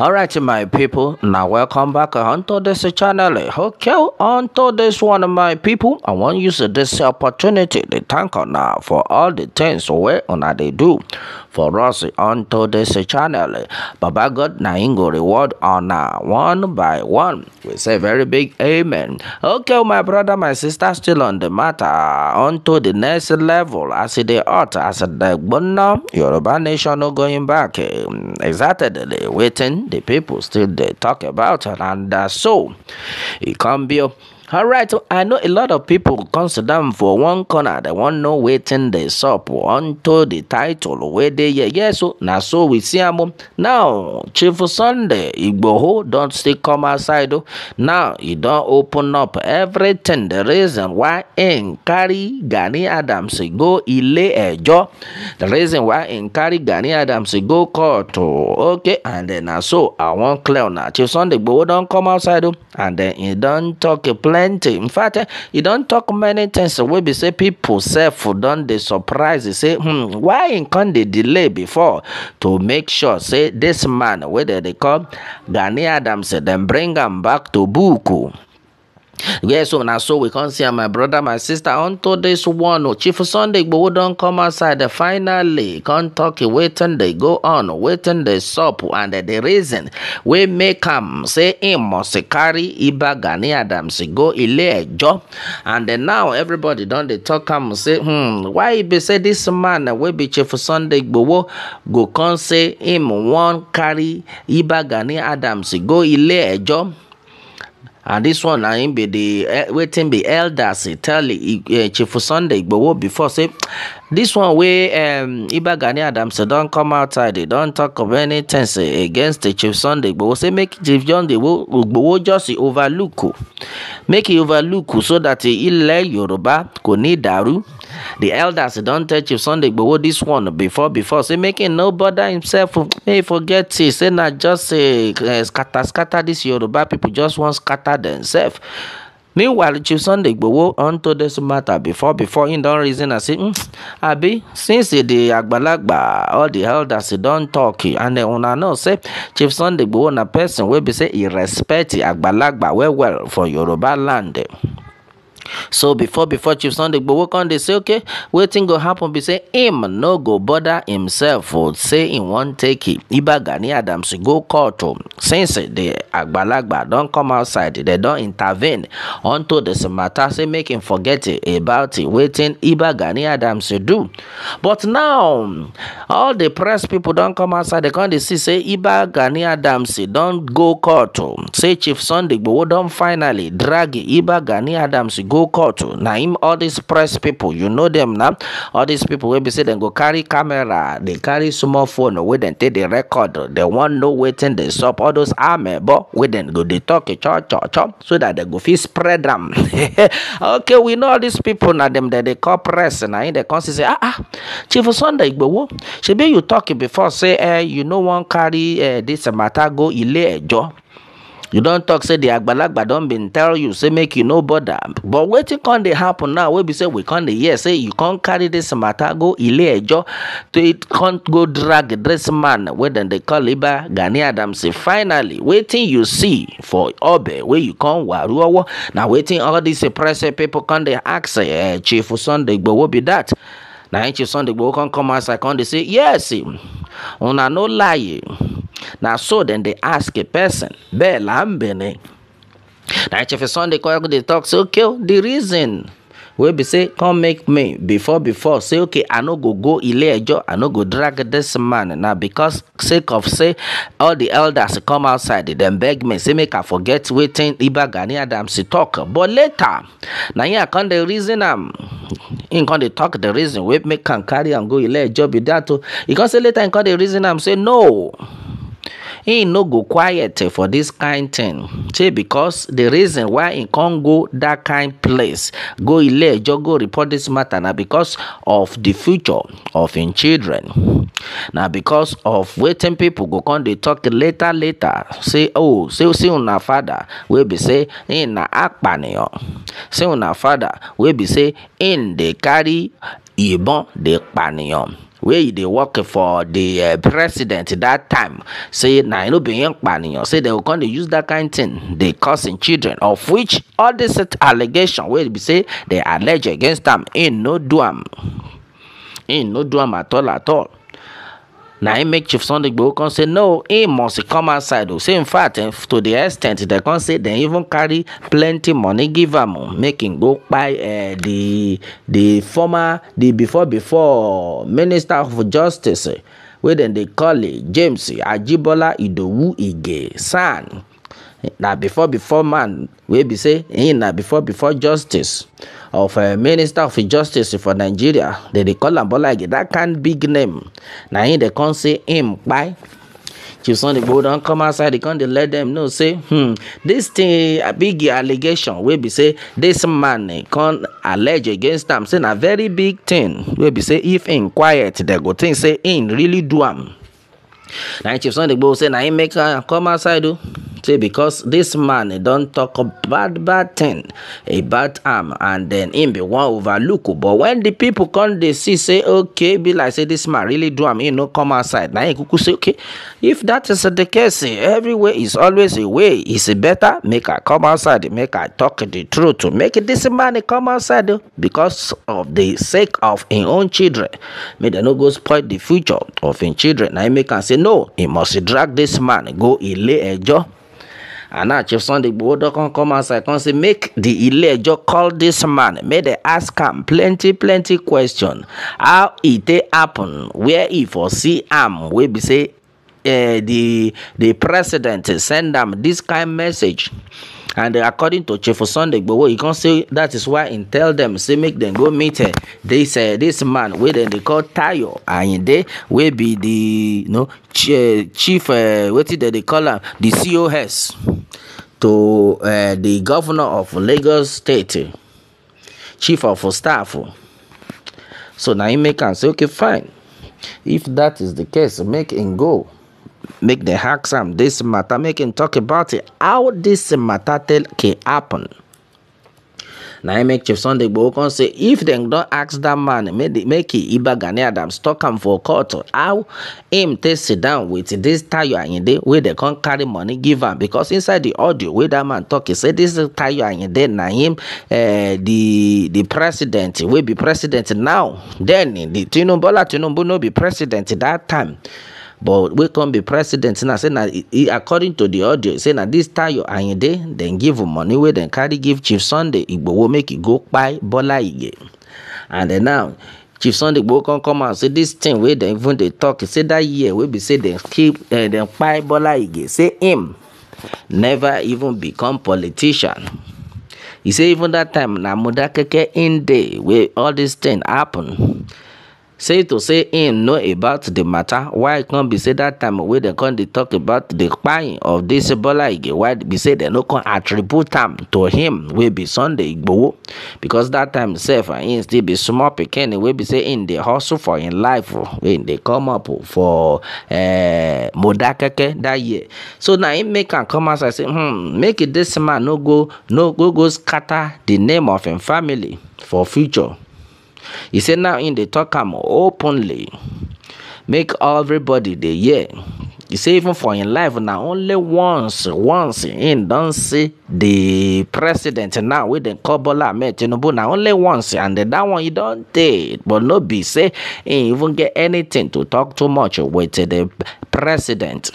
Alright my people, now welcome back onto this channel. Okay, onto this one my people, I want to use this opportunity to thank now for all the things where on they do for us onto this channel. Baba God naingo reward honor one by one. We say very big amen. Okay, my brother, my sister, still on the matter. Onto the next level. As the art, as the Bono, Yoruba nation going back. Exactly, waiting. The people still they talk about it. And uh, so, it can be. All alright i know a lot of people come sit down for one corner They wan know waiting. They sup unto the title where they yeah yeah so now so we see am now chief sunday igboho don't still come outside o now you don't open up everything the reason why in carry gani adams go ile ejo the reason why in carry gani adams go court o oh, okay and then now so i wan clear now chief sunday igboho don't come outside o and then you don't talk. a plenty in fact eh, you don't talk many things wey be say pipo sef don dey surprise say hmm why im con dey delay before to make sure say this man wey dem dey call gani adams "Then eh, bring am back to Buku." Yes, so now so we can't see uh, my brother, my sister unto this one. Chief Sunday but we don't come outside uh, finally can't talk waiting they go on, waiting they sup and uh, the reason we may come um, say him must carry Iba Gani Adams go ile and then now everybody don't they talk Come um, say hmm why be say this man we be Chief Sunday we go can't say him one carry Iba Gani Adams go ile and uh, dis one na im be di eh, waiting be elders tell eh, chief sunday but what before say This one wey um, iba gani adamson don come outside They don't talk of any things against the chief sunday but igbowo say make chief john igbowo just overlook make e overlook so that ilẹ̀ yorùbá kò ní Daru, the elders don't tell chief sunday igbowo this one before before say making him no bother himself may forget forget say na just uh, scatter scatter This yoruba people just want scatter themselves meanwhile chief sunday igbowo unto this matter before before he don reason am hmm, say abi since the agbalagba all the elders don talk and una know say chief sunday igbowo na person wey be say he respect agbalagba well well for yoruba land. So before before Chief Sunday go work on they say okay, waiting go happen. Be say him no go bother himself for say in one take it. Iba Gani Adams go court home. Since the Agbalagba don't come outside, they don't intervene onto this matter. Say make him forget it about it. Waiting Iba Gani Adams do. But now all the press people don't come outside. They can't see say Iba Gani Adams don't go court Say Chief Sunday go don't finally drag Iba Gani Adams go go court o na all these press people, you know them now. all these people, wey be say they go carry camera they carry small phone wey dem take the record They want no waiting. They stop all those army. But wey dem go They talk cho cho cho so that they go fit spread them. okay we know all these people, now them that they call press Now, in the council, say ah ah chief sunday igbowo shebi you talk before say eh you no one carry eh, dis matter go ile ejo you don't talk say the agbalagba don't bin tell you say make you no bother but wetin can they happen now We be say we con dey hear say you can't carry this matter go ile ejo to it can't go drag dis man Where then they call iba gani adams finally waiting you see for obe where you con waru Now waiting all these pressing people con they ask eh chief sunday But what be that? Now chief sunday we con come as I con they say yes una no lie Now, so then they ask a person, Be lambene. Now, if a Sunday call, they talk, say, okay, oh, the reason wey be say come make me before before say okay i no go go ile ejo i no go drag this man na because sake of say all the elders come outside dem beg me say make i forget wetin iba gani adams talk but later na him i come dey reason am him come dey talk the reason wey make am carry am go ile ejo be that o oh. e come say later him come dey reason am say no He no go quiet for this kind thing. say because the reason why he can't go that kind place go ileejo go report this matter now because of the future of his children Now because of waiting people go come They talk later later say oh say see, una father wey be say in na akpaniyan say una father wey be say in the carry ìbọn the pànìyàn wey e dey work for di eh, president dat time say na enobiyan paniyan say dem go come dey use dat kain tin dey cause im children of which all dis allegation wey be say dem allege against am im no do am im no do am at all at all na im make chief sunday igboho come say no im must come outside o say in fact eh, to the extent dem come say dem even carry plenty money give am oh, make im go kpai uh, the di former the before before minister of justice eh, wey dem dey call james ajibola idowu ige san na before before man wey be say im na before before justice of uh, Minister of Justice for Nigeria, they dey call am Bola Ige. That kind big name. Na him dey come say him kpai. Chief Sunday Igboho don come outside, dey come dey let dem know say hmm, this thing big allegation wey be say this man come allege against am say na very big thing wey be say if him quiet, dem go think say him really do am. Na Chief Sunday Igboho say na him make am come outside o. Oh say because this man don talk bad bad tin about am and then him be wan overlook but when the people come dey see say okay be like say this man really do am him no come outside na him kuku say okay if that is the case everywhere is always a way is better make i come outside make i talk the truth to make this man come outside because of the sake of him own children make dem no go spoil the future of him children na him make am say no he must drag this man go ile ejo And Chief Sunday Igboho don come out side come say make the Ile-Ejo call this man May dem ask am plenty plenty question how e take happen where e for see am wey be say eh, the the president send am this kind message and according to chief sunday igboho he come say that is why im tell them say make them go meet uh, this uh, this man wey dem dey call tayo ayinde wey be the you know, ch uh, chief uh, wetin dem dey call am the cos. to uh, the governor of Lagos State, chief of staff. So now you may and say, okay, fine. If that is the case, make him go. Make the hack some this matter, make him talk about it. How this matter can happen. na im e make chief sunday gboo can say if they don't ask that man make e iba gani adams tok am for court how him take sit down with wit dis in ayinde wey they come carry money give am becos inside the audio where that man tok e say dis tayo ayinde now him eh, the the president will be president now Then den tinubu tinubu no be president that time but we come be president now say now, according to the audio say na dis tayo ayinde then give him money wey then carry give chief sunday igbowo make e go kpai bola ige and then now chief sunday igbowo come come out say this thing wey dem even dey talk say that year wey be say dem eh, kpai bola ige say him never even become politician He say even that time na modakeke im dey wey all dis tin happen say to say him know about the matter why come be say that time wey dem come dey tok about the kpain of this bola ige why be say dem no come attribute am to him wey be sunday igbowo because that time sef and him still be small pikin wey be say him dey hustle for him life wey him dey come up oh, for eh, modakeke dat year so na him make am come outside say hmm make this man no go no go go scatter the name of him family for future He said, now in the talk, am openly make everybody dey hear He say even for im life Now only once once im don't see the president now wey dem call met ahmed tinubu Now only once and that one e don't dey but no be say im even get anything to talk too much wit di president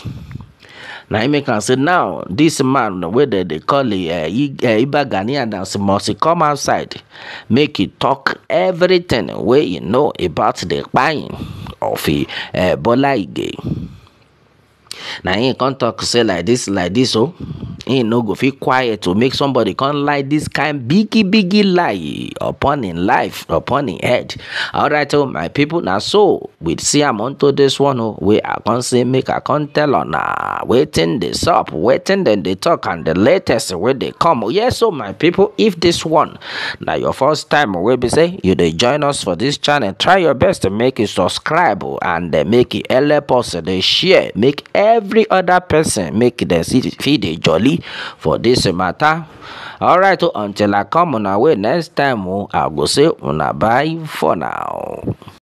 na him make am say now this man wey dem dey call eh, eh, iba gani adams must come outside make e talk everything wey e know about the kpain of eh, bola ige Now, him come talk say like this, like dis oh, him no go feel quiet to make somebody come lie this kind biggie biggie lie upon in life upon in head alright oh my people, now so we see oh, i am unto dis one o wey i come say make i come tell on. una waiting dey sup waiting then they talk and the latest where they come o oh, yes oh my people, if this one now your first time oh, wey be say you dey join us for this channel try your best to make it subscribe and make it help us dey share make every other person make them feel dey jolly for this matter All right, until i come una way next time o oh, i go say una bye for now